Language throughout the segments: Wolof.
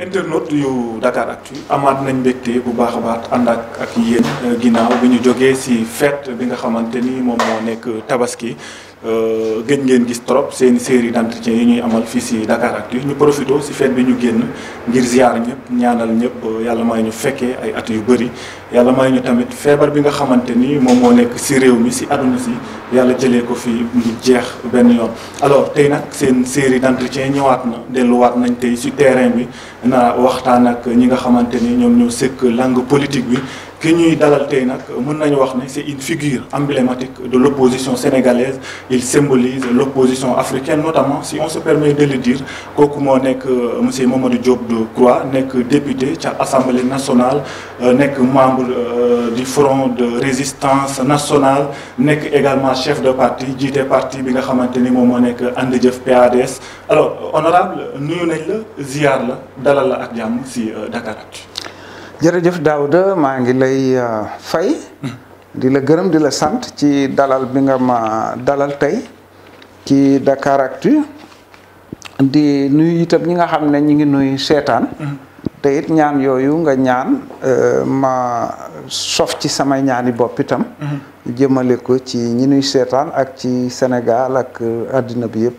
internautes yu Dakaractu amaat nañ mbégte bu baax a baax ànd ak ak yéen euh, ginnaaw bi ñu jogee ci fête bi nga xamante ni moom moo nekk tabaski Euh, gëj ngeen gis trop seen série d'entretien yi ñuy amal fii si Dakaractu ñu profité si fête bi ñu génn ngir ziar ñëpp ñaanal ñëpp euh, yàlla may ñu fekkee ay at yu bëri yàlla may ñu tamit feebar bi nga xamante ni moom moo nekk si réew mi si àdduna si yàlla jëlee ko fii mu jeex benn yoon. alors tey nag seen yi d'entretien ñëwaat na delluwaat nañ tey si terrain bi na waxtaan ak ñi nga xamante ni ñoom ñoo sëkk langue politique bi. dalal c'est une figure emblématique de l'opposition sénégalaise il symbolise l'opposition africaine notamment si on se permet de le dire M. moo euh, monsieur Mamadou Diop Croix député de l'Assemblée nationale euh, membre euh, du front de résistance nationale est également chef de parti jiite parti bi nga le nom moom PADS alors honorable nous sommes la ziar la dalal si jërëjëf Daouda maa ngi lay euh, fay di la gërëm di la sant ci dalal bi nga ma dalal tey ci Dakaractu di nuyu itam ñi nga xam ne ñi ngi nuyu seetaan te ñaan yooyu nga ñaan euh, ma sof ci sama ñaani bopp itam ko ci ñi nuy seetaan ak ci Sénégal ak àddina euh, bi yëpp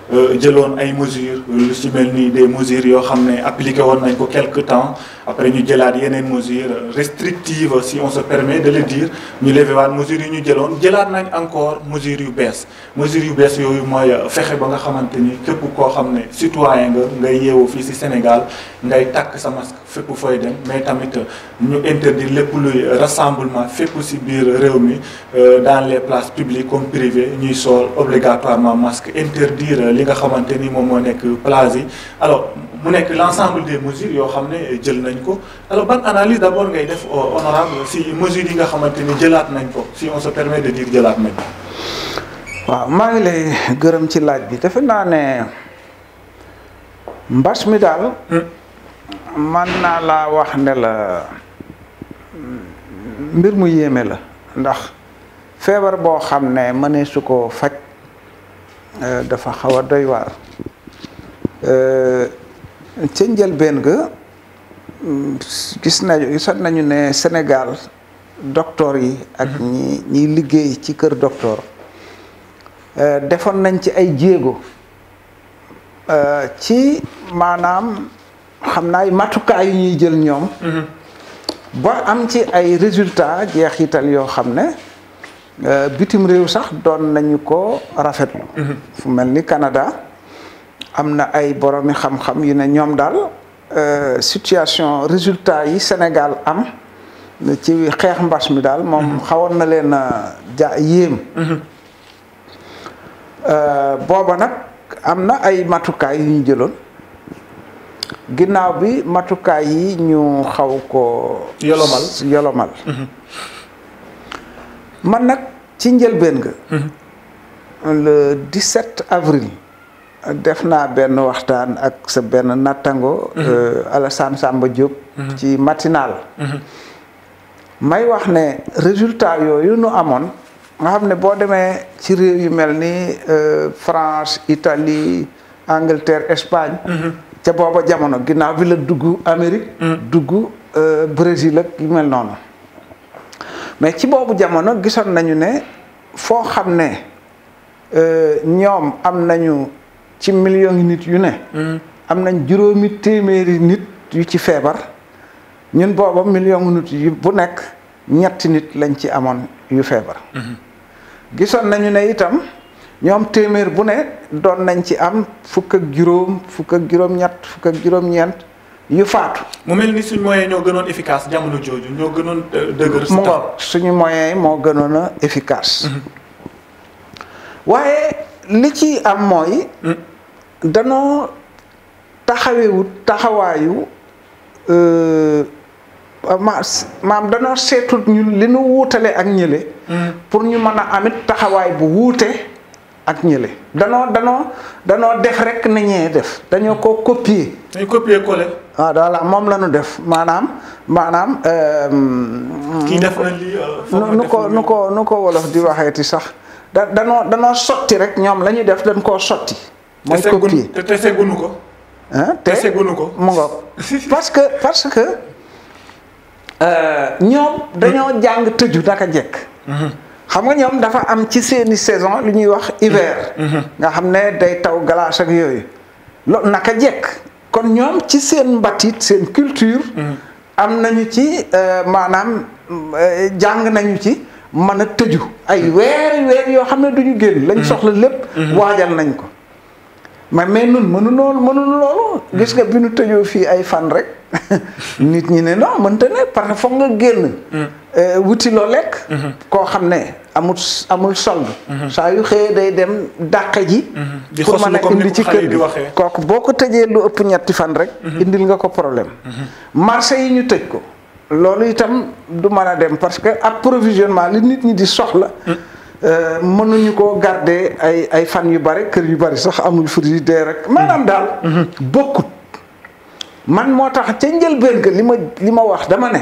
Euh, jëloon ay mesures euh, lu ci mel des mesures yo xamné appliquer appliqué nañ ko quelque temps après ñu jëlaat yeneen mesures restrictives si on se permet de le dire ñu lever waat mesures ñu jëlone jëlaat nañ encore mesures yu bees mesures yu bees yoyu moy euh, fexé ba nga xamanteni képp ko xamné citoyen nga ngay yeewoo fi ci Sénégal ngay tak sa masque fépp fooy dem mais tamit ñu interdire lépp luy rassemblement fépp ci biir réew mi dans les places publiques comme privées ñuy sol obligatoirement masque interdire li nga xamante ni moom moo nekk plage yi alors mu nekk l' ensemble des mesures yoo xam ne jël nañ ko alors ban analise d' abord ngay def euh, honorable si mesures yi nga xamante ni jëlaat nañ ko si on se permet de dire jëlaat nañ waaw maa ngi lay gërëm ci laaj bi defe naa ne mbas mi daal. man hmm. naa laa wax ne la mbir mu yéeme la ndax feebar boo xam ne mënee su ko faj. Euh, dafa xaw a doy waar euh, ca njëlbeen ga mm, gis nañu sot nañu ne Sénégal docteur yi ak mhm. ñi ñiy liggéey ci kër docteur euh, defoon nañ ci ay jéego ci maanaam xam naa ay matukaay yu jël ñoom mhm. ba am ci ay résultats jeexital yoo xam ne Euh, bitim réew sax doon nañu ko rafet mhm. fu mel ni Canada am na ay boromi xam-xam yu ne ñoom daal euh, situation résultat yi Sénégal am ci xeex mbas mi daal moom mhm. xawoon na leen ja yéem. Mhm. Euh, booba nag am na ay matukaay yu ñu jëloon ginnaaw bi matukaay yi ñu xaw ko. yolomal yolomal. man nag ci njëlbeen nga. Mhm. le 17 avril. def naa benn waxtaan ak sa benn nattango. Mhm. Euh, Alassane Samba Diop. Mhm. ci matinal. may wax ne résultat yooyu nu amoon. nga xam ne boo demee ci réew yu mel ni euh, France Italie Angleterre Espagne. ca booba jamono ginnaaw bi la dugg Amérique. dugg euh, Brésil ak yu mel noonu. mais ci boobu jamono gisoon nañu ne foo xam ne euh, ñoom am nañu ci million nit yu ne. Mm. am nañ juróomi téeméeri nit yu ci feebar ñun booba million nit yu bu nekk ñetti nit lañ ci amoon yu feebar. Mm-hmm. gisoon nañu ne itam ñoom téeméer bu ne doon nañ ci am fukk juróom fukk ak juróom-ñett fukk juróom-ñeent. yu faatu. mu mel ni suñu moyens ñoo gënoon efficace jamono jooju ñoo gënoon euh, dëgër. mu suñu moyens moo gënoon a efficace. Mm-hmm. waaye li ci am mooy. Mm. danoo taxawewut taxawaayu euh, maam danoo seetut ñu li nu wuutale ak ñële. Mm. pour ñu mën a amit taxawaay bu wuute. ak ñële danoo dano danoo def rek na def dañoo ko copier. dañoo copier coller. ah voilà moom la def maanaam maanaam. Euh, kii def na euh, nu ko nu ko nu ko wolof di waxeeti sax da danoo danoo sotti rek ñoom la ñuy def dañ koo sotti. mooy copier te te segunu ko. te segunu ko mu parce que parce que euh, ñoom dañoo jàng tëju naka jekk. Mm-hmm. xam nga ñoom dafa am ci seeni saison lu ñuy wax hiver. Mm-hmm. nga xam ne day taw glace ak yooyu. loolu naka jekk kon ñoom ci seen mbatit seen culture. Mm-hmm. am nañu ci euh, maanaam euh, jàng nañu ci mën a tëju. ay mm-hmm. weer weer yoo xam ne du ñu génn. lañ soxla lépp. waajal nañ ko. mais mais nun mënu noonu mënu loolu gis nga bi nu tëjoo fii ay fan rek nit ñi ne non mënta ne parce que foog nga génn mm. euh, wuti loo lekk mm-hmm. koo xam ne amul amul solde mm-hmm. saa yu xëyee day dem dàqe ji mm-hmm. pour mën a indi ci kër gi kooku boo ko tëjee lu ëpp ñetti fan rek indil nga ko problème marché yi ñu tëj ko loolu itam du mën a dem parce que approvisionnement li nit ñi di soxla mm. Euh, mënuñu ko garder ay ay fan yu bari kër yu bari sax amul frigidaire rek maanaam daal bokkut man moo tax ca njëlbéen ga li ma li ma wax dama ne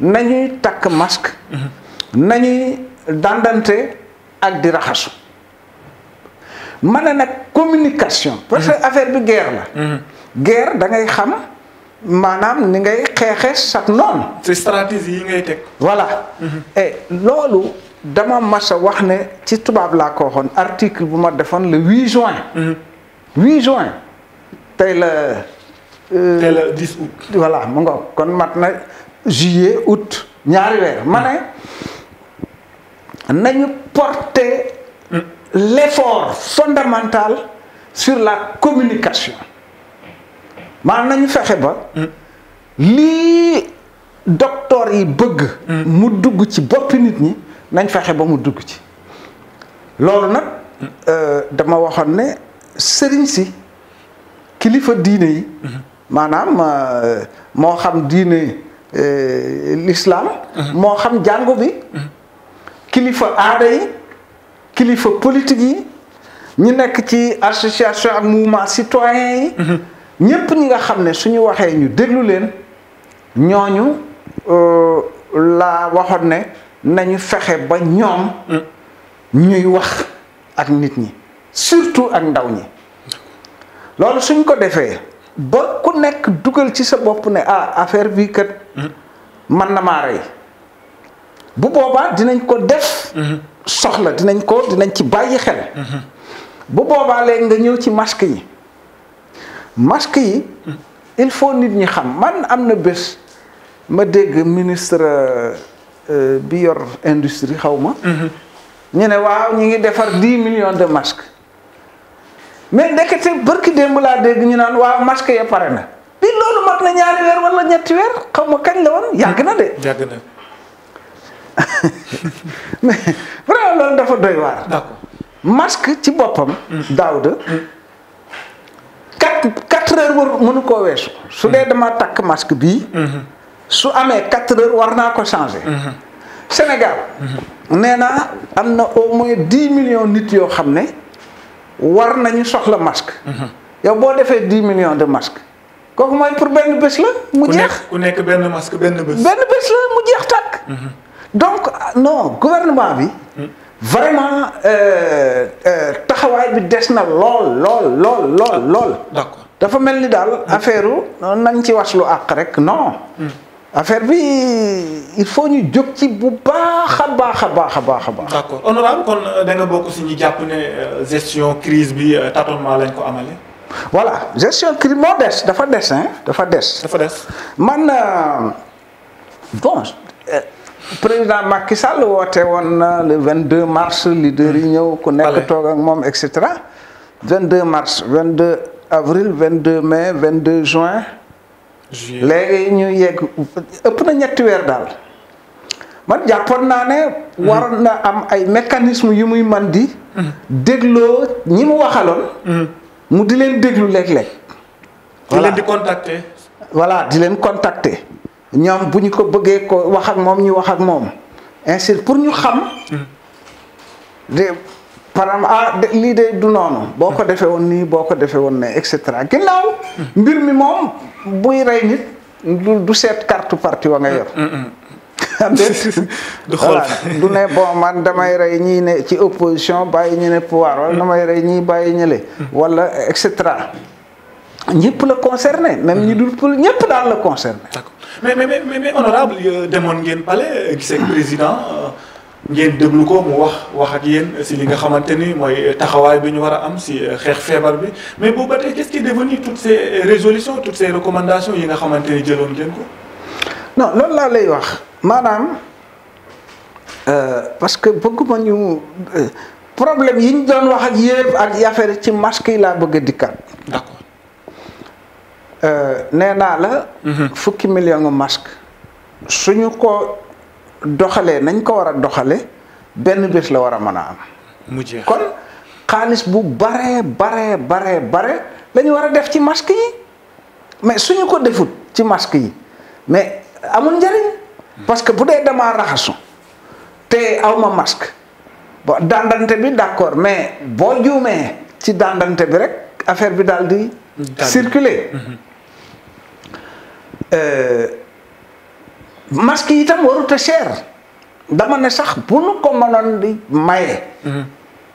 nañuy takk masque nañuy dandante ak di raxasu ma ne nag communication parce que affaire bi guerre la guerre da ngay xam maanaam ni ngay xeexe sax noonu ci stratégie yi ngay teg voilà loolu dama massa a wax ne ci tubab la ko xone article bu ma defoon le 8 juin. 8 mhm. juin tey le tay le 10 août. voilà mo nga kon mat juillet août ñaari wér mané nañu porter mhm. l'effort fondamental sur la communication maanaam nañu fexe ba. Mhm. li docteur yi bëgg. mu dugg ci boppi nit ñi nañ fexé ba mu dugg ci loolu nag euh, dama waxoon si kilifa diine yi maanaam euh, moo xam euh, l'islam moo xam jàngu aada politique yi ñi nekk ci association ak mouvement citoyen yi ñi nga xam suñu nañu fexé ba ñom ñuy wax ak nit ñi surtout ak ndaw ñi loolu suñ ko ba ku ne ah, affaire bii kat man na ma ray bu boba dinañ ko def soxla dinañ ko dinañ ci bayyi xel bu boba nga ci masque yi masque il faut nit ñi xam man amna ma ministre euh, Euh, bi yor industrie xaw ma. Mhm. ñu ne waaw ñu ngi defar dix millions de masques mais ndekete barki démb laa dégg ñu naan waaw masque ya pare na. bi loolu mat na ñaari weer wala ñetti weer xaw ma kañ la woon yàgg na de. yàgg na mais loolu dafa doy waar. d'accord ci boppam. Mhm. daaw de. Mhm. quatre quatre heures war mënu koo weesu. su dee dama takk masque bii. su amee 4 heures war ko changer. Mhm. Sénégal. Mhm. nee naa au moins 10 millions nit yoo xam ne masque. 10 mhm. millions de masques. kooku mooy pour benn bés la. mu jeex ku nekk benn masque benn bés. benn bés la mu donc non gouvernement bi. vraiment euh, euh, taxawaay bi des na lool non affaire bi il faut ñu jóg ci bu baax a baax a baax d'accord honorable kon euh, da nga bokku ci ñu japp né euh, gestion crise bi euh, tâtonnement lañ ko amalé voilà gestion crise moo des dafa dess hein dafa dess dafa dess man bon président Macky Sall woté won le 22 mars leader yi ñëw ku nekk tok ak mom etc. 22 mars 22 avril 22 mai 22 juin. léegi ñu yegg ëpp na ñetti weer daal man jàppoon naa ne waroon mhm. na am ay mécanisme yu muy man di mhm. dégloo ñi mu waxaloon mhm. mu di leen déglu léeg-léeg di leen di di leen contacter ñoom bu ñu ko bëggee ko wax ak moom ñu wax ak moom ainsi pour ñu xam de par exemple ah lii de du noonu. boko ko defee woon nii boo ko defee woon ne et cetera ginnaaw. mbir mi moom buy ray nit du set carte parti wa nga yor. Ah, du xool du ne bon man damay ray ñi ne ci opposition bay ñi ne pouvoir wala mm. damay ray ñi bay ñële. wala et cetera. ñëpp la concerné même ñi mm. dul pour ñëpp daal la concerné. d'accord mais mais mais honorable euh, demoon ngeen palais euh, gis président. Euh, ngeen déglu ko mu wax wax ak yéen si li nga xamante ni mooy taxawaay bi ñu war a am si xeex feebar bi mais boobu ba tey qu'est-ce qui est devenu toutes ces résolutions toutes ces recommandations yi nga xamante ni jëloon ngeen ko. non loolu laa lay wax maanaam euh, parce que bëgguma ñu euh, problème yi ñu doon wax ak yëpp ak affaire ci masque yi laa bëgg a dikkaat. d'accord euh, nee naa la. Mhm. fukki million masque suñu ko. doxalee nañ ko war a doxale benn bés la war a mën a am. mu kon xaalis bu baree baree baree bare la war a def ci masque yi mais suñu ko defut ci masque yi mais amul njëriñ. parce que bu dee damaa raxasu te aw ma masque bon dandante bi d'accord mais boo juumee ci dàndante bi rek affaire bi daal di circuler. Mhm. Euh, masque yi itam waru a cher dama ne sax bu nu ko manon di maye. Mhm.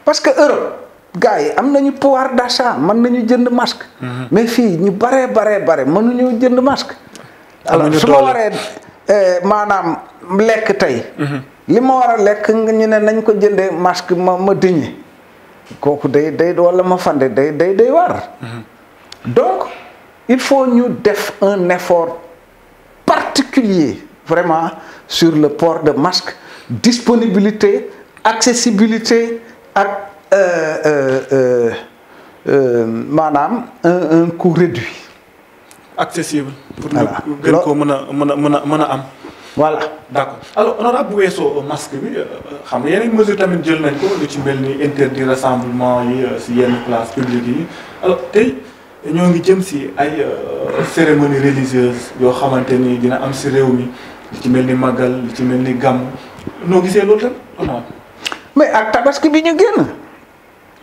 parce que Europe gars am nañu pouvoir d'achat man nañu jënd masque. mais fi ñu bare bare bare ñu jënd masque. alors su ma euh manam lek tay li ma war lek lekk ñu ne nañ ko jënde masque ma ma diñi koku day day wala ma fande day day day war. donc il faut ñu def un effort particulier vraiment sur le port de masque disponibilité accessibilité euh, euh, euh, euh un un coût réduit. accessible. pour ñu gën koo a voilà D'accord. alors honorable bu masque bi xam a yeneen mesure tamit jël nañ ko lu ci mel ni interdit rassemblement yi si yenn place publique alors nous avons jëm ay cérémonie religieuse qui xamante ni dina am si ci mel ni màggal li ci mel ni gàmm gisee loolu tam mais ak tabaski bi ñu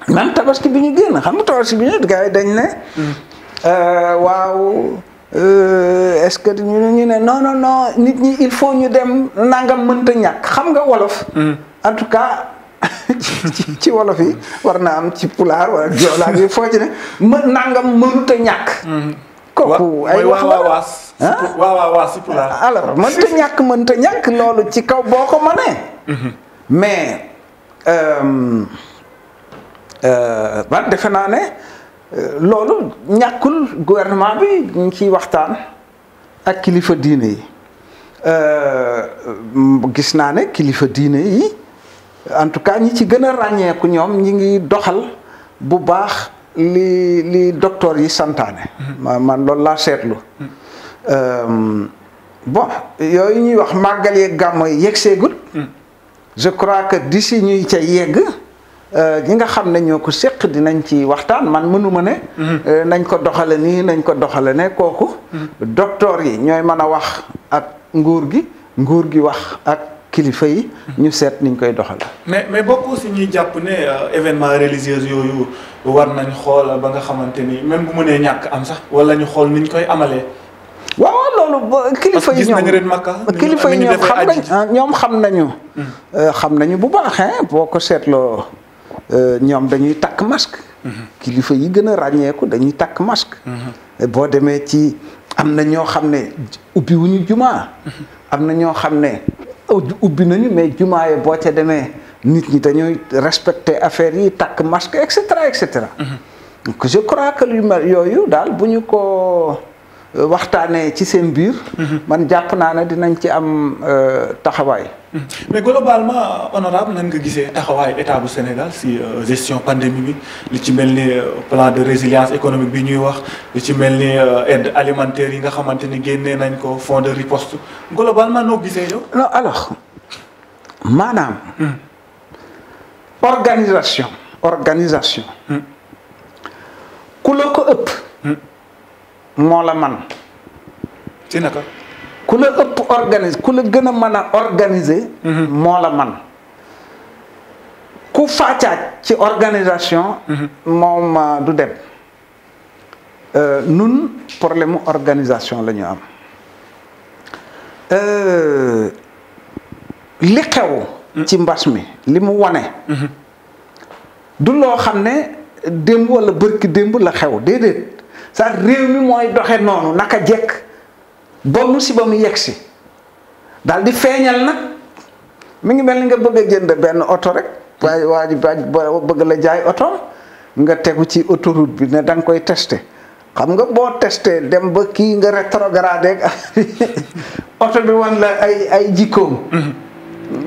man tabaski bi ñu xam nga tabaski bi ñu dañ ne euh, waaw euh, est-ce que ñu ne non non non nit ñi il faut ñu dem nangam mënta ñàkk xam nga wolof hmm. en tout cas ci wolof yi am ci pulaar wala jola bi foo ci ne nangam mënta ñak kooku ay wax la waaw waaw waaw si pulaar alors mënta ñàkk mënta ñàkk loolu ci kaw boo ko mënee mais man mhm. eh, defe naa ne eh, loolu ñàkkul gouvernement bi ñu ciy waxtaan ak kilifa diine yi eh, gis naa ne kilifa diine yi en tout cas ñi ci gën a ràññeeku ñoom ñi ngi doxal bu baax lii li docteur yi santaane. ma man loolu laa seetlu. Euh, bon yooyu ñuy wax màggal yeeg gàmmo yi yegg seegul. je crois que d'ici ñuy ca yég euh, ñi nga xam ne ñoo ko séq dinañ ci waxtaan man mënuma ne. Euh, nañ ko doxale nii nañ ko doxale ne kooku. docteur yi ñooy mën a wax ak nguur gi nguur gi wax ak. kilifa yi. ñu seet niñ koy doxal mais mais bokk si ñuy jàpp ne euh, événement religieux yooyu war nañ xool ba nga xamante ni même bu mënee ñàkk am sax wala ñu xool niñ koy amalee. waaw loolu ba kilifa yi ñoom kilifa yi ñoom xam nañ ah, ñoom xam nañu. Hmm. Euh, xam nañu bu baax boo ko seetloo euh, ñoom dañuy takk masque. Hmm. kilifa yi gën a ràññeeku dañuy takk masque. Hmm. boo demee ci am na ñoo xam ne ubbi wuñu jumaa. am na ñoo xam ne. ubbi nañu mais du yi boo ca demee nit ñi dañuy respecter affaire yi takk masque etc etc mhm. donc je crois que lu mel dal daal bu ñu ko euh, waxtaanee ci seen biir. Mhm. man dinañ ci am euh, taxawaay mais globalement honorable nan dit que le état du Sénégal si euh, gestion de la pandémie le euh, plan de résilience économique le ñuy wax euh, aide alimentaire le fonds de riposte globalement nous gisee non alors Madame hmm. organisation. organisation. Hmm. ku up, kula upp ëpp organise ku la gën organiser. Mhm. mo la man ku faata ci organisation. mom mhm. euh, du dem. Euh, nun problème organisation la ñu am euh, li xew. Mm. ci mbas mi li mu mhm. du lo xamné ne wala barki démb la xew déedéet sax réew mi moy doxe nonu naka jekk. ba musiba mu yegg si daal di feeñal na mu ngi mel ni nga bëgg a jënd benn oto rek waaye waa ji bëgg la jaay oto nga tegu ci autoroute bi ne da nga koy testé xam nga boo testee dem ba kii nga rétrogradé oto bi wan la ay ay jikkoom.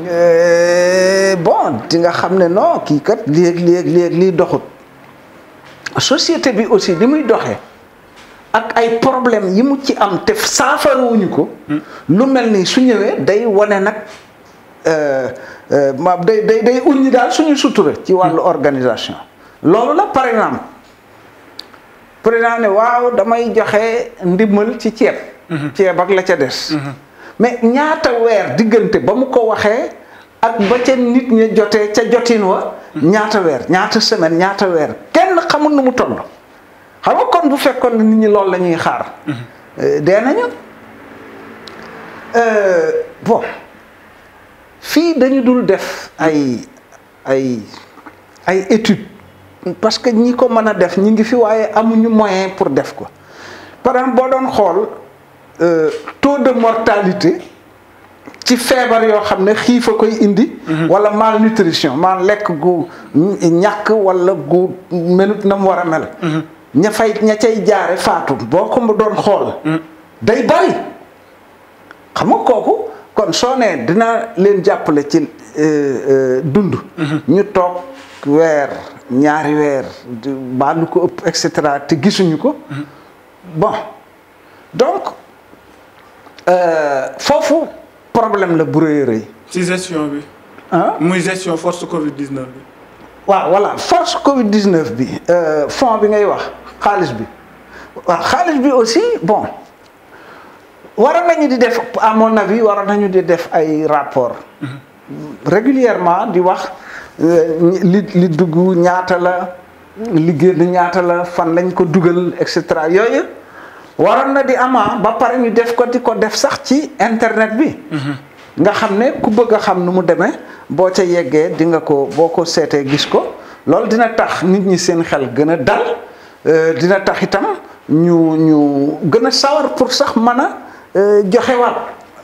Eh, bon di nga xam ne non kii kat léeg léeg léeg lii doxut société bi aussi li muy doxee. ak ay problème yi mu ci am te saafarawuñu ko. lu mel ni su ñëwee day wane nag euh, euh, ma day day day uññi daal suñu sutura. ci wàllu organisation. loolu la par exemple président ne waaw damay joxe ndimbal ci ceeb. Mhm. ceeb ak la ca des. Mhm. mais ñaata weer diggante ba mu ko waxee ak ba ca nit ña jotee ca jotin wa. Mhm. ñaata weer ñaata semaine ñaata weer kenn xamul nu mu toll. xam nga kon bu fekkoon nit ñi loolu la ñuy xaar. Mm-hmm. Eh, dee nañu eh, bon fii dañu dul def ay ay ay étude parce que ñi ko mën a def ñi ngi fi waaye amuñu moyen pour def ko par exemple boo doon xool eh, taux de mortalité ci feebar yoo xam ne xiif a koy indi. Mm-hmm. wala malnutrition maan lekk gu ñàkk wala gu melut na mu war a mel. Mm-hmm. ña fay ña cay jaare faatu boo mu doon xol mm. day bari xam nga koku kon soo nee dinaa leen jàppale ci euh, euh, dund mm-hmm. ñu tok weer ñaari weer baa lu ko ëpp et cetera te gisunu ko mm-hmm. bon donc euh fofu problème la bu rëy a ci gestion bi hein muy gestion force covid 19 voilà force Covid 19 bi euh, fond bi ngay wax bi aussi bon waroon nañu di def à mon avis nous nañu di def ay rapport mm-hmm. régulièrement di wax euh, li li la li la fan lañ ko duggal etc. yoy na di ama ba ñu def ko ko def sax ci internet bi. Mm-hmm. nga xam ne ku bëgg a xam nu mu demee boo ca yeggee di nga ko boo ko seetee gis ko loolu dina tax nit ñi seen xel gën a dal euh, dina tax itam ñu ñu gën a sawar pour sax mën a euh, joxe waat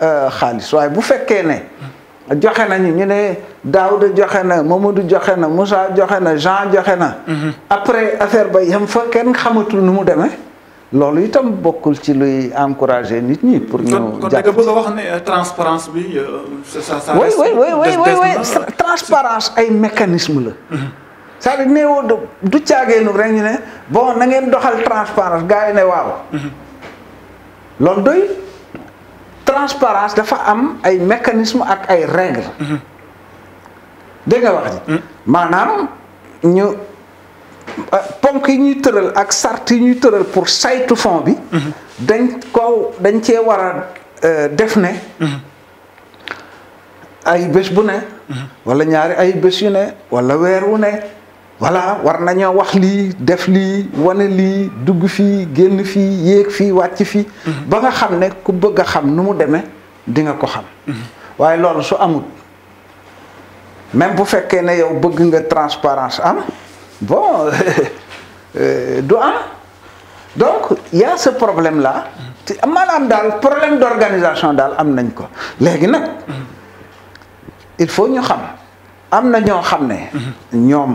euh, xaalis waaye bu fekkee ne joxe nañu ñu ne Daouda joxe na Mamadou joxe na Moussa joxe na Jean joxe na. Mm-hmm. après affaire ba yem fa kenn xamatul nu mu deme C'est ce qui ci luy pour euh, transparence oui. Euh, ça oui oui oui transparence un mécanisme mhm. cest dire que du rek ñu bon na ngeen doxal transparence gars waaw. Mhm. transparence un am mécanisme ak ay règles. Mhm. dégg Euh, ponk yi ñuy tëral ak sart yi ñuy tëral pour saytu fond bi. Mhm. dañ ko dañ cee war a euh, def ne. Mhm. ay bés bu ne. Mhm. wala ñaari ay bés yu ne wala weer wu ne. voilà war nañoo wax lii def lii wane lii dugg fii génn fii yéeg fii wàcc fii. ba nga xam ne ku bëgg a xam nu mu demee dinga ko xam. waaye loolu su amul même bu fekkee ne yow bëgg nga transparence am. bon, euh, Donc, il y a ce problème-là. a un problème d'organisation dans am il faut que nous sachions nous ñoo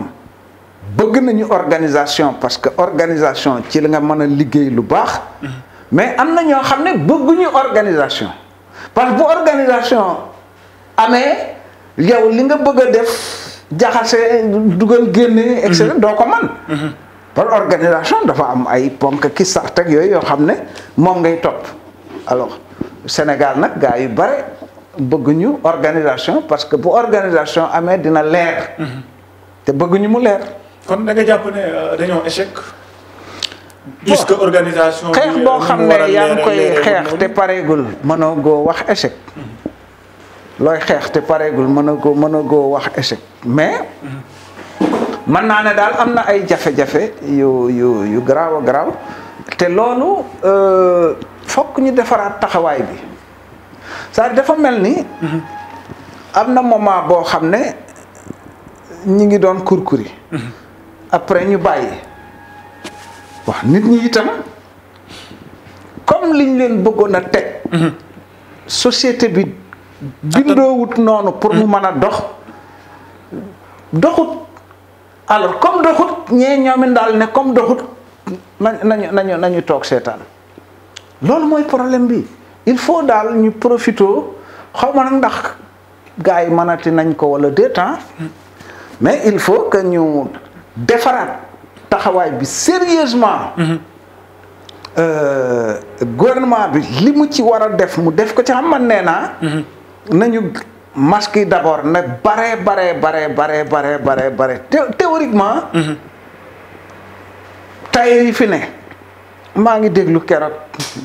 Nous avons une organisation parce que l'organisation ci une nga qui est lu mais nous avons une xam organisation parce que l'organisation organisation amee yow li nga bëgg jaxase dugal génne. et cetera mhm. doo ko man mhm. par organisation dafa am ay ponk ki sart ak yooyu yoo xam ne moom ngay topp alors Sénégal nag gaa yu bare ñu organisation parce que bu organisation amee dina leer. Mhm. te bëgg ñu mu leer. kon da jàpp ne euh, dañoo échec. puisque organisation. xeex boo euh, xam ne yaa ngi koy xeex te pareegul mënoo goo wax échec. looy xeex te pareegul mën a ko mën a wax échec mais mën naa ne daal am na ay jafe-jafe yu yu yu garaaw a garaaw te loolu euh, fokk ñu defaraat taxawaay bi saa dafa mel ni am na moment boo xam ne ñi ngi doon kurkuri après ñu bàyyi wax nit ñi itam comme liñ leen bëggoon a teg mhm. société bi bindoowut noonu pour mu mm. mën a dox doxut alors comme doxut ñee ñoomin daal ne comme doxut nañu nañu toog seetaan loolu mooy problème bi il faut daal ñu profito xaw ma nag ndax gars yi mënati nañ ko wala de temps mais il faut que ñu defaraat taxawaay bi sérieusement mm-hmm. euh, gouvernement bi li mu ci war a def mu def ko ci xam man nee naa mm-hmm. nañu masque yi d' abord na bare bare bare bare bare bare théoriquement tailleur yi fi ne maa ngi déglu keroog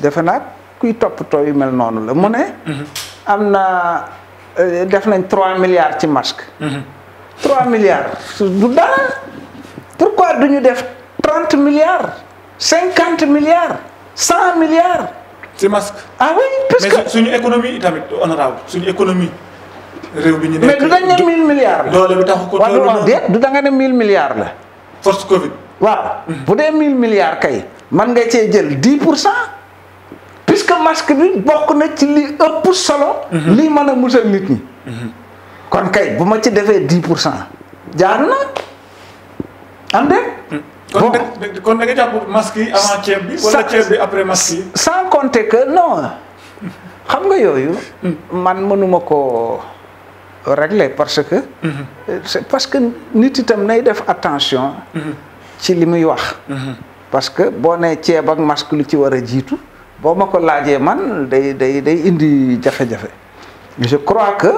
defe naa kuy toppatoo yu mel noonu la mu ne mm-hmm. am na euh, def nañ trois milliards ci masque mm-hmm. trois milliards du dara pourquoi duñu def trente milliards cinquante milliards ci masque ah oui parce que mais suñu économie tamit honorable suñu économie réew bi ñu nekk mais du 1000 milliards ko du da nga 1000 milliards la force covid waaw mm-hmm. bu dee 1000 milliards kay man nga cee jël 10 puisque masque bi bokk na ci li ëpp solo mm-hmm. li mëna a nit ñi mm-hmm. kon kay buma ci défé 10 jaar na am dé kon da kon da nga jàpp masque yi avant ceeb bi. wala ceeb bi après masque yi. sans compter que non xam nga yooyu. Hmm. man mënuma ko régler parce que. Hmm. c'est parce que nit itam nay def attention. Hmm. ci li muy wax. parce que boo nee ceeb ak masque lu ci war a jiitu boo ma ko laajee man day day day indi jafe-jafe. je crois que.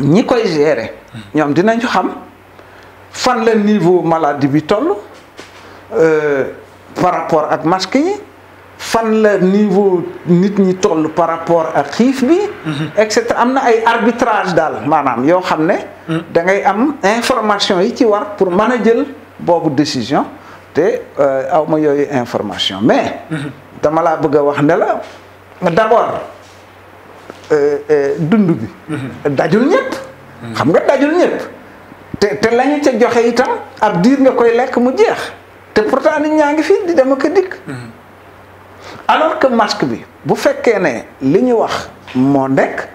ñi koy gere ñoom dinañu xam fan la niveau maladie bi toll. Euh, par rapport ak masque yi fan la niveau nit ñi toll par rapport ak xiif bi mhm. et cetera am na ay arbitrage daal maanaam yoo xam ne mhm. da ngay am information yi ci war pour mën a jël boobu décision te euh, aw ma yooyu information mais mhm. dama laa bëgg a wax nela la d'abord euh, dund bi dajul ñëpp xam nga dajul ñëpp te te lañu ca joxe itam ab diir nga koy lekk mu jeex te pourtant nit ñaa ngi fii di dem ak dikk. alors que masque bi bu fekkee ne li ñu wax moo nekk.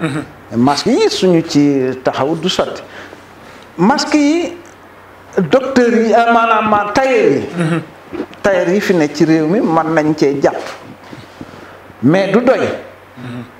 masque yi suñu ci taxaw du sotti masque yi docteur yi euh, maanaam tailleur yi. tailleur yi fi ne ci réew mi mën nañ cee jàpp mais du doy.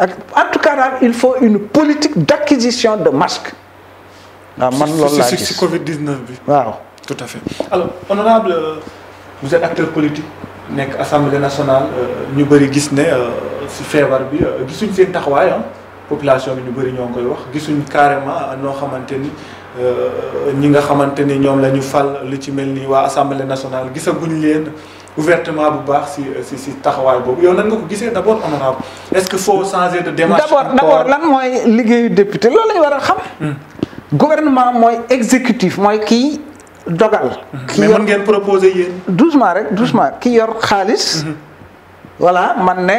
en tout cas il faut une politique d'acquisition de masques. Ah, c'est man Covid 19 bi. tout à fait alors honorable euh, vous êtes acteur politique. nekk assemblée nationale. Euh, ñu vu, gis ne euh, si feebar bi gisuñ seen taxawaay hein. population bi ñu nous ñoo dit, koy wax gisuñ carrément noo xamante ñi nga xamante ñom lañu la ñu fal lu ci melni wa assemblée nationale gisaguñ leen ouvertement bu baax si euh, si si taxawaay boobu yow nan nga ko gisee d' abord honorable est-ce que faut changer de démarche. d' abord d' abord lan mooy liggéeyu député loolu lañu war a xam. Hmm. gouvernement mooy exécutif mooy kii dogal. Hmm. mais mën ngeen proposer yéen. doucement rek doucement ki yor xaalis. Hmm. voilà man ne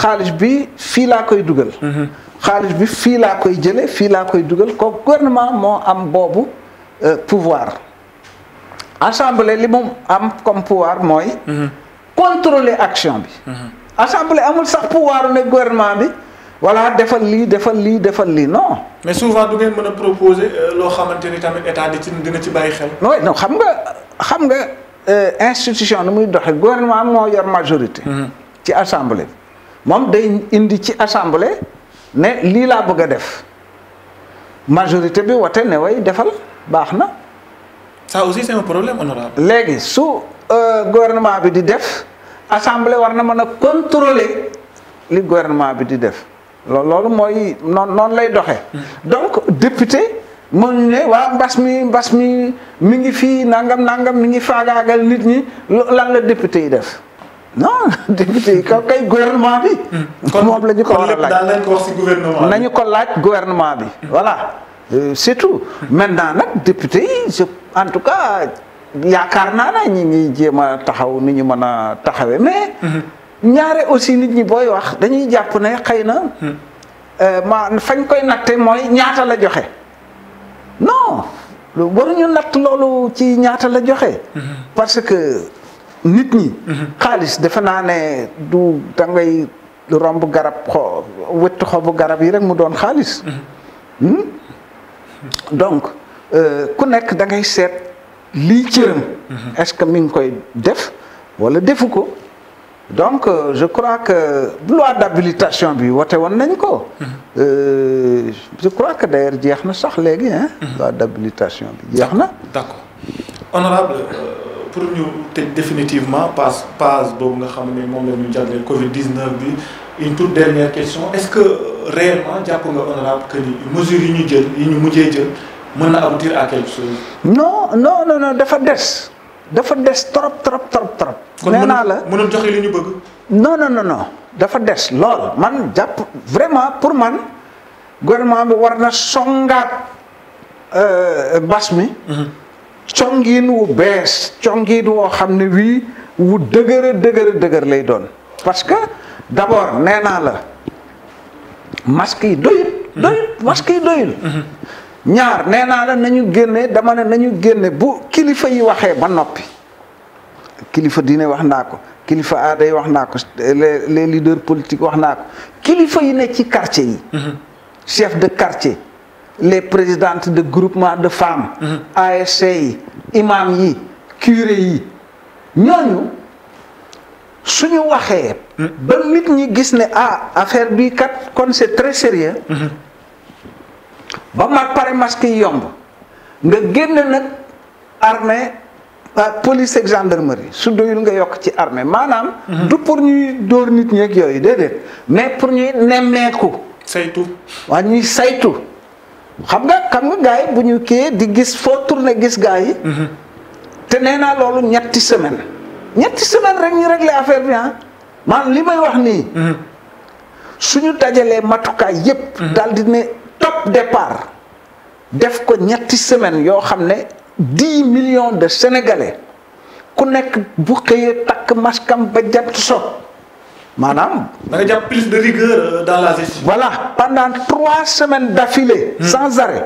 xaalis bi fii laa koy dugal. xaalis bi fii laa koy jëlee fii laa koy dugal kooku gouvernement moo am boobu euh, pouvoir assemblée li mom am comme pouvoir moy mhm. contrôler action bi. Mhm. assemblée amul sax pouvoir ne gouvernement bi. voilà defal li defal li defal li non. mais souvent du ngeen mën proposer euh, lo xamanteni tamit état di ci dina ci baye xel. oui non xam nga xam nga euh, institution nu muy doxee gouvernement mo yor majorité. Mhm. ci assemblée mom day indi ci assemblée ne li la bëgg def majorité bi wate ne way defal baxna ça aussi c'est un problème léegi su euh, gouvernement bi di def assemblée war na mën a contrôler li gouvernement bi di def loolu mooy noonu noonu lay doxee. donc député mënuñu ne waa mbas mi mbas mi mi ngi fii nangam nangam mi ngi faagaagal nit ñi lan la député yi def. non député yi kaw kay gouvernement bi. Hmm. moom la ñu ko a laaj kon lépp daal nañ ko gouvernement bi. nañu ko laaj gouvernement bi hmm. voilà. Euh, surtout tout maintenant nag député yi je en tout cas yaakaar naa na ñi ñi jéem a taxaw ni ñu mën a taxawee mais mhm. ñaare aussi nit ñi booy wax dañuy jàpp ne xëy na mhm. euh, ma fañ koy natte mooy ñaata la joxe non waruñu natt loolu ci ñaata la joxe mhm. parce que nit ñi xaalis defe naa ne du da ngay romb garab xo wëtt garab yi rek mu doon xaalis hmm? donc euh, ku nek da ngay mhm. est-ce que ming koy def wala defuko donc euh, je crois que loi d'habilitation bi wote won nañ ko mhm. euh, je crois que d'ailleurs jeex sax hein mhm. loi d'habilitation bi jeex d'accord honorable pour nous définitivement passe passe bobu nga xamné mom la ñu jagleel Covid 19 bi une toute dernière question est-ce que réellement jàpp nga honorable que ni mesure yi ñu jël yi ñu mujjé jël mëna aboutir à quelque chose. non non non non dafa dess dafa dess trop trop trop trop. kon la mënoon joxé li ñu bëgg. non non non non dafa dess lool man japp vraiment pour man gouvernement bi warna na euh basmi mi. Mhm. congiin wu bes congiin woo xam wi wu deugere deugere deugere lay doon parce que d'abord nee la. masque doyul. doyul mhm. masque doyul. Mhm. ñaar la nañu dama né nañu bu kilifa yi waxé ba nopi kilifa diiné wax kilifa a day wax les leaders politiques wax kilifa yi quartier mhm. chef de quartier. les présidentes de groupement de femmes. ASC imam yi curé yi ñooñu ba nit ñi gis ne a ah, affaire bi kat kon c'est très sérieux ba ma pare masque yi yomb nga génn nag armée ah, police ak gendarmerie su doyul nga yokk ci armée maanaam mhm. du pour ñuy dóor nit ñeek yooyu déedéet mais pour ñuy nemmeeku saytu waa ñuy saytu xam nga xam nga gars yi bu ñu kii di gis foo tourné gis gars yi mhm. te nee naa loolu ñetti semaine ñetti semaine rek ñu réglé affaire bi ah man limay may wax nii. Mhm. suñu dajalé matukaay yépp mhm. daal di ne top départ def ko ñetti semaine yo xamné 10 millions de sénégalais ku nekk bu xeyé tak maskam ba jatt so manam da nga japp plus de rigueur euh, dans la gestion. voilà pendant 3 semaines d'affilée. Mhm. sans arrêt.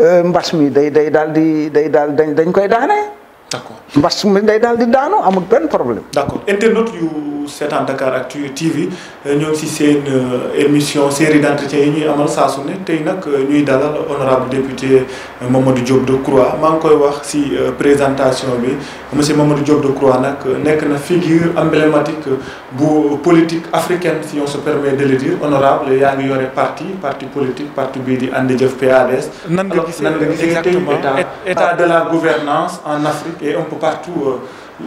Euh, mbas mi day day daal di day dal dañ koy daane. D'accord. Parce que mi day daal di daanu amul problème. D'accord. Internet, internaute yu Dakar Actu TV Nous, ngi si seen euh, émission série d' Nous, yi ñuy amal saa su ne tey nag euh, ñuy dalal honorable député euh, Mamadou Diop Decroix maa ngi koy wax si présentation bi monsieur Mamadou Diop de Croix est na figure emblématique bu politique africaine si on se permet de le dire honorable yaa ngi yore parti parti politique parti bii di ànd jëf PADS. Alors, nga C'est exactement état de la gouvernance en Afrique et on peut partout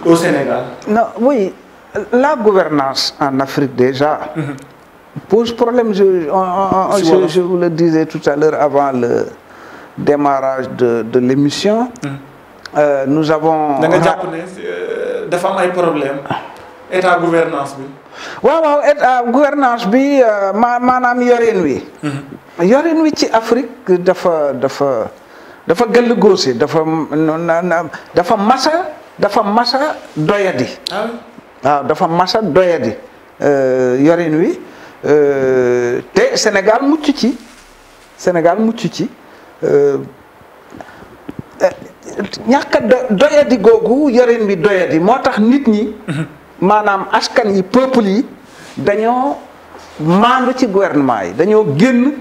euh, au Sénégal Non, oui, la gouvernance en Afrique déjà mhm. pose problème. Je, vous le disais tout à l'heure avant le démarrage de, l'émission. Mhm. euh, nous avons... Dans les euh, des femmes ont des problèmes. Et la gouvernance, oui. Waouh, waaw gouvernance bi euh, maanaam yorin wi mhm. yorin wi ci Afrique dafa dafa dafa gëll góose dafa dafa masa dafa masa doyadi ah waaw dafa masa doyadi euh, yorin wi euh, te Sénégal mucc ci Sénégal mucc ci euh, eh, ñàkk a doyadi googu yorin bi doyadi moo tax nit ñi mhm. maanaam askan yi peuple yi dañoo maandu ci gouvernement yi dañoo génn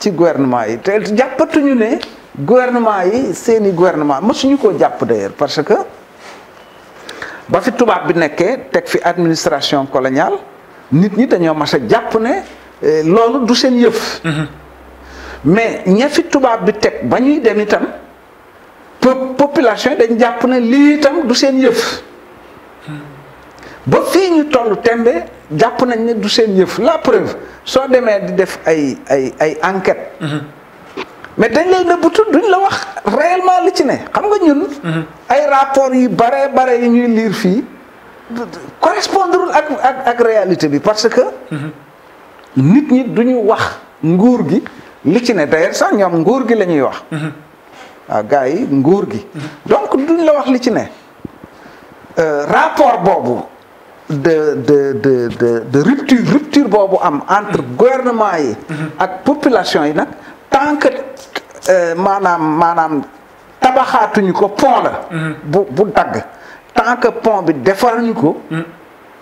ci gouvernement yi te jàppatuñu ne gouvernement yi seeni gouvernement mësuñu koo jàpp d'ailleurs parce que ba fi tubaab bi nekkee teg fi administration coloniale nit ñi dañoo mas a jàpp ne eh, loolu du seen yëf mm-hmm. mais ña fi tubaab bi teg ba ñuy dem itam population dañ jàpp ne lii itam du seen yëf ba fii ñu toll tembe jàpp nañ ne du seen yëf la preuve soo demee di def ay ay ay enquête mhm. mais dañ lay nëbbutu duñ la wax réellement li ci ne xam nga ñun mhm. ay rapport yu bare bare yi ñuy liir fii correspondrewul ak ak ak réalité bi parce que mhm. nit ñi duñu wax nguur gi li ci ne d'ailleurs sax ñoom nguur gi la ñuy wax waaw ah, gars yi nguur gi donc duñ la wax li ci ne euh, rapport boobu de de de de de rupture rupture bobu am entre gouvernement yi. ak population yi nak tant que euh, manam manam tabaxaatuñu ko pont la. bu bu dag tant que pont bi defaruñu ko.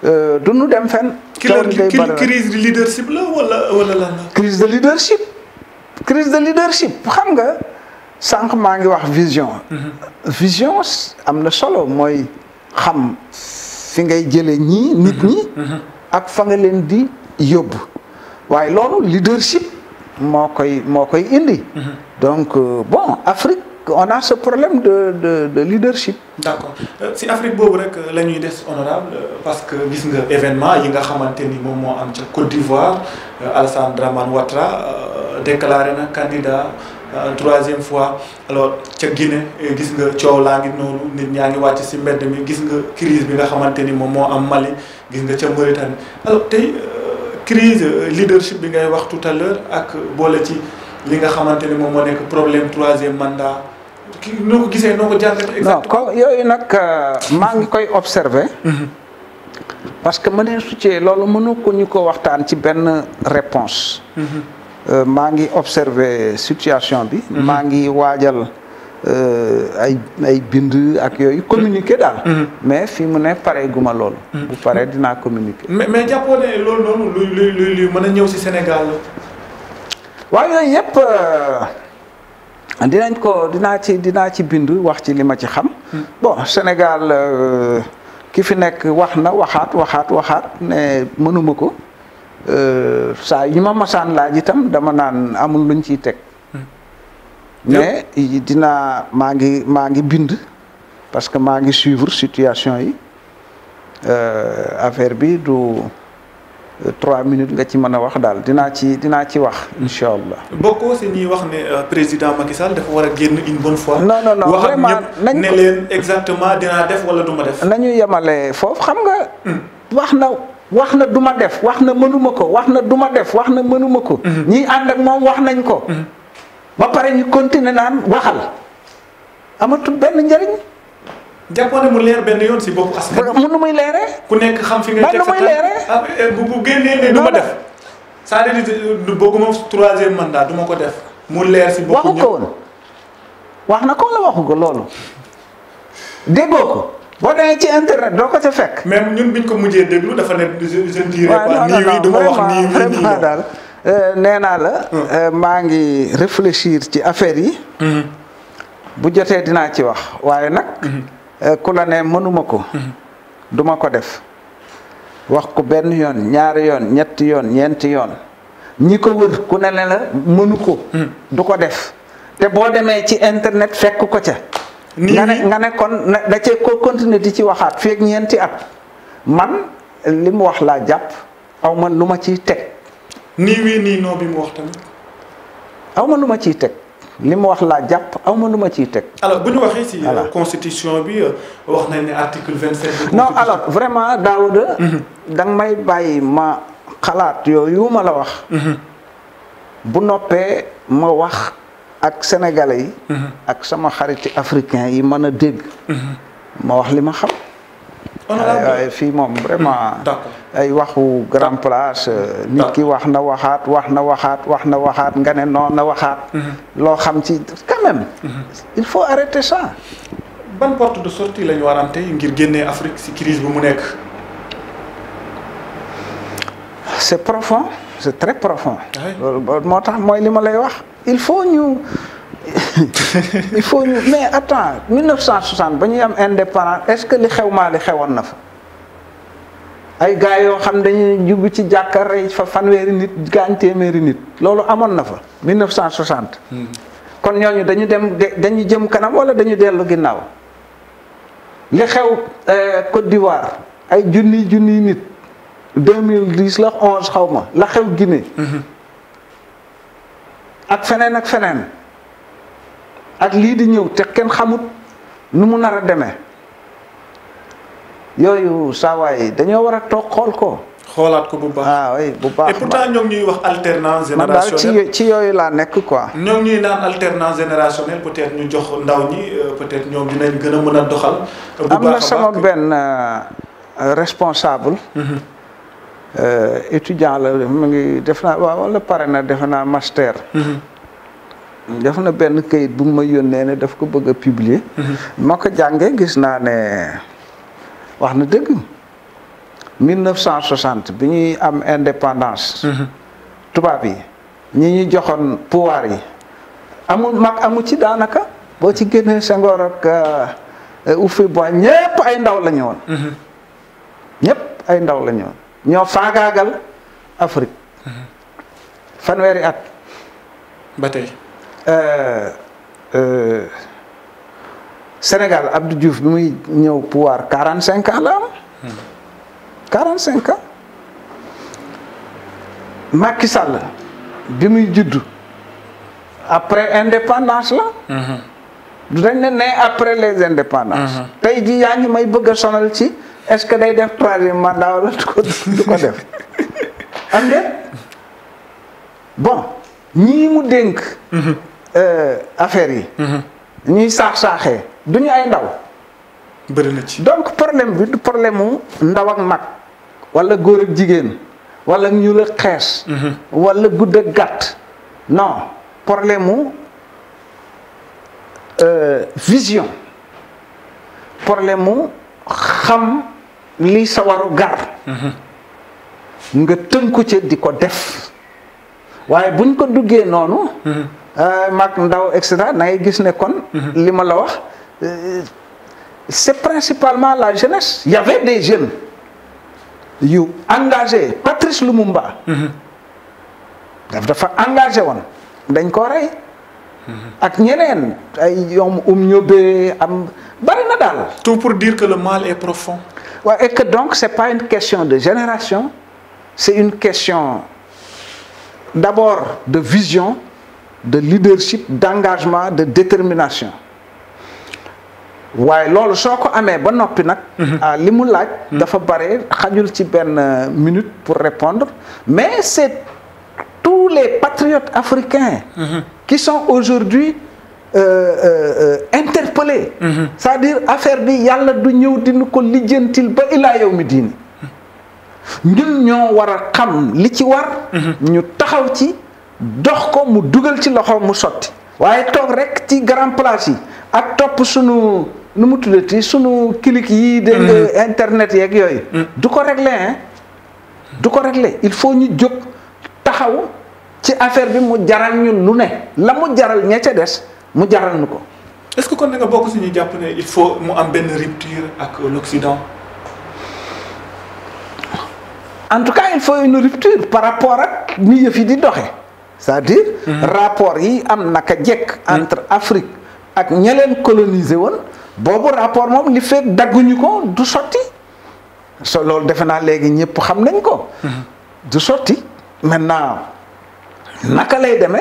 euh duñu dem fenn. crise de leadership la wala wala la. crise de leadership crise de leadership xam nga sank ma ngi wax vision. Mhm. vision amna solo moy xam fi ngay que ñi nit ñi mhm. ak leadership mhm. donc euh, bon Afrique on a ce problème de leadership. D'accord. Euh, si Afrique rek euh, honorable parce que vous événement yi nga moment Côte d'Ivoire Alessandra manwatra déclaré un candidat en euh, troisième fois alors ca Guinée euh, gis nga ciow la ngi noonu nit ñaa ngi wàcc si mbedd mi gis nga crise bi nga xamanteni mom mo am Mali gis nga ca Mauritanie alors tay euh, crise leadership bi ngay wax tout à l'heure ak boole ci li nga xamanteni mom mo nek problème troisième mandat noko noo noko gisee exactement non comme yooyu nag maa ngi koy observer mhm. parce que mané su cee loolu mënu ko ñuko waxtaan ci ben réponse mhm. Euh, mangi observer situation bi. Mhm. mangi wadjal waajal euh, ay ay bind ak yoy communiquer dal mhm. mhm. mais fi mu ne guma lolo, bu paree dina communiquer. mais mais japoné ne non, noonu luy luy meuna ñew ci Sénégal Wa waaw yep, euh, dinañ ko dina ci dina ci bind wax ci li ma ci xam. bon Sénégal ki fi nekk wax na waxat waxat ne Eh, saa yi ma masaan laaj itam dama nan amul luñ ci tek hmm. mais dina magi ngi maa ngi bind parce que maa ngi suivre situation yi eh, affaire bi du euh, trois minutes nga ci mën wax dal dina ci dina ci wax inshallah allah. ci si wax ne euh, président Macky Sall dafa wara a génn une bonne fois. non non non vraiment nañ ne len exactement dina def wala duma def. nañu yamalé fofu xam nga. Hmm. wax na wax na du ma def wax na mënuma ko wax na duma def wax na mënuma ko mhm. ñiy ànd ak moom wax nañ ko mhm. ba pare ñu continuer naan waxal amatu benn njëriñ jàppoon ne mu leer benn yoon si bopp askan mu nu muy leeree ku nekk xam fi nga teg sa muy ah, eh, bu bu génnee ma def c'est-à-dire bëgguma troisième mandat duma ko def mu leer si bopp waxu wax na ko la waxu ko loolu déggoo ko boo demee ci internet doo ko ca fekk. même ñun biñ ko mujjee déglu dafa ne bi ne dirai pas nii wii du ma wax nii wii daal euh, nee naa la. Euh, maa ngi réfléchir ci affaire yi. bu jotee dinaa ci wax waaye nag. Euh, ku la ne mënuma ko. duma ko def. wax ko benn yoon ñaar yoon ñett yoon ñeenti yoon ñi ko wër ku ne ne la mënu ko. du ko def te boo demee ci internet fekk ko ca. nga ne nga ne kon da cee ko continuer di ci waxaat feeg ñeenti at man li mu wax laa jàpp aw ma lu ma ciy teg. nii wii bi mu wax tamit. aw ma lu ma ciy teg. li mu wax laa jàpp aw ma lu ma ciy teg. alors bu ñu waxee ci. Euh, constitution bi euh, wax nañ ne article vingt sept. non alors vraiment Daouda. Mhm. da nga may bàyyi ma xalaat yooyu ma la wax. Mhm. bu noppee ma wax. ak sénégalais yi. ak sama xariti africain yi mën a dégg. ma wax li ma xam. fi mom vraiment. ay waxu grand place. Euh, nit ki wax na waxat wax na waxat wax na waxat nga ne non na waxat lo xam ci quand même. il faut arrêter ça. ban porte de sortie lañu ñu ngir génnee Afrique ci crise bu mu nek c'est profond c'est très profond. motax ah moy tax li ma lay wax il faut nous... il mais attends 1960 y est-ce que les xew Mali sont na ay gars ils xam dañu jubbi ci jakar rey fa fanweeri nit gaañ téeméeri nit lolu amon 1960. kon ñoñu dañu dem dañu jëm kanam wala dañu Les ginnaw li xew euh, Côte d'Ivoire ay junni junni nit 2010 la 11 xawma la xew Guinée. Hmm. ak feneen ak feneen ak lii di ñëw te kenn xamut nu mu nar a demee yooyu saawaay dañoo war a toog xool ko. xoolaat ko bu baax ah oui bu baax. et pourtant ñuy wax alternance générationnelle daal ci yooyu laa nekk quoi. ñoo ngi ñuy naan alternance générationnelle peut-être ñu jox ndaw ñi euh, peut-être ñoom dinañ gën a mën a doxal. am na sama benn euh, responsable. Mm-hmm. étudiant eh, la mu ngi def naa wa wala pare na defe master. Mm-hmm. def na benn kayit bu ma yónnee ne daf ko bëgg publier. Mm-hmm. ma ko gis na ne wax na dëgg 1960 bi ñuy am indépendance. Mm-hmm. tuba bi ñi ñi joxon pouvoir yi amul mak amu ci danaka bo ci génnee sangor ak ufi bo ñepp ay ndaw lañu won woon. ñëpp ay ndaw lañu won ñoo faagaagal Afrique fanweeri at. ba tey. Euh, euh, Sénégal Abdou Diouf bi muy ñëw pouvoir quarante cinq ans la quarante cinq ans. Macky Sall bi muy juddu après indépendance la. Mhm. du dañ ne ne après les indépendances. Mhm. tey ji yaa ngi may bëgg a sonal ci. est-ce que day def troisième mandat wala du ko du ko def am nga bon ñii mu dénk. Mhm. Euh, affaire yi. Mhm. ñuy saax saaxee du ñu ay ndaw. bëri donc problème bi du problème mu ndaw ak mag wala góor ak jigéen walla ñu la xees. Mhm. wala gudd ak gàtt non problème mu euh, vision problème mu xam. lii sa waru gar nga tënku ci diko def waye buñ ko duggee euh mag ndaw etc ngay gis ne kon lima la wax euh, c'est principalement la jeunesse il y avait des jeunes you engagé Patrice Lumumba daf dafa engagé won dañ ko rey ak ñeneen ay yom um ñobé am bari na dal tout pour dire que le mal est profond et que donc, ce n'est pas une question de génération, c'est une question d'abord de vision, de leadership, d'engagement, de détermination. Oui, lolo soko amé ba nopi à mhm. ah, Limoulac, laaj. Mhm. dafa ci euh, minute pour répondre mais c'est tous les patriotes africains. Mhm. qui sont aujourd'hui Euh, euh, euh, interpellé. Mm-hmm. cest à affaire bi yàlla du ñëw dina ko lijjantil ba ilaa yow mi diini ñun ñoo war a xam li ci war. Mm-hmm. ñu taxaw ci dox ko mu dugal ci loxo mu sotti. waaye toog rek ci grand place yi ak topp sunu nu mu tuddati sunu clic yi. de mm-hmm. internet yeeg yooyu. du ko réglé hein du ko réglé il faut ñu jóg taxaw ci affaire bi mu jaral ñun lu ne la mu jaral ña ca des. mu jaral nuko est-ce que kon nga bokku suñu japp né il faut mu am ben rupture ak l'Occident. en tout cas il faut une rupture par rapport ak ni yëf di doxé c'est-à-dire. Hmm. rapport yi am naka jek entre hmm. Afrique ak ña colonisé won bobu rapport mom li fek dagguñu ko du sorti so loolu defe naa léegi ñëpp xam nañ ko. Hmm. du sorti maintenant naka lay démé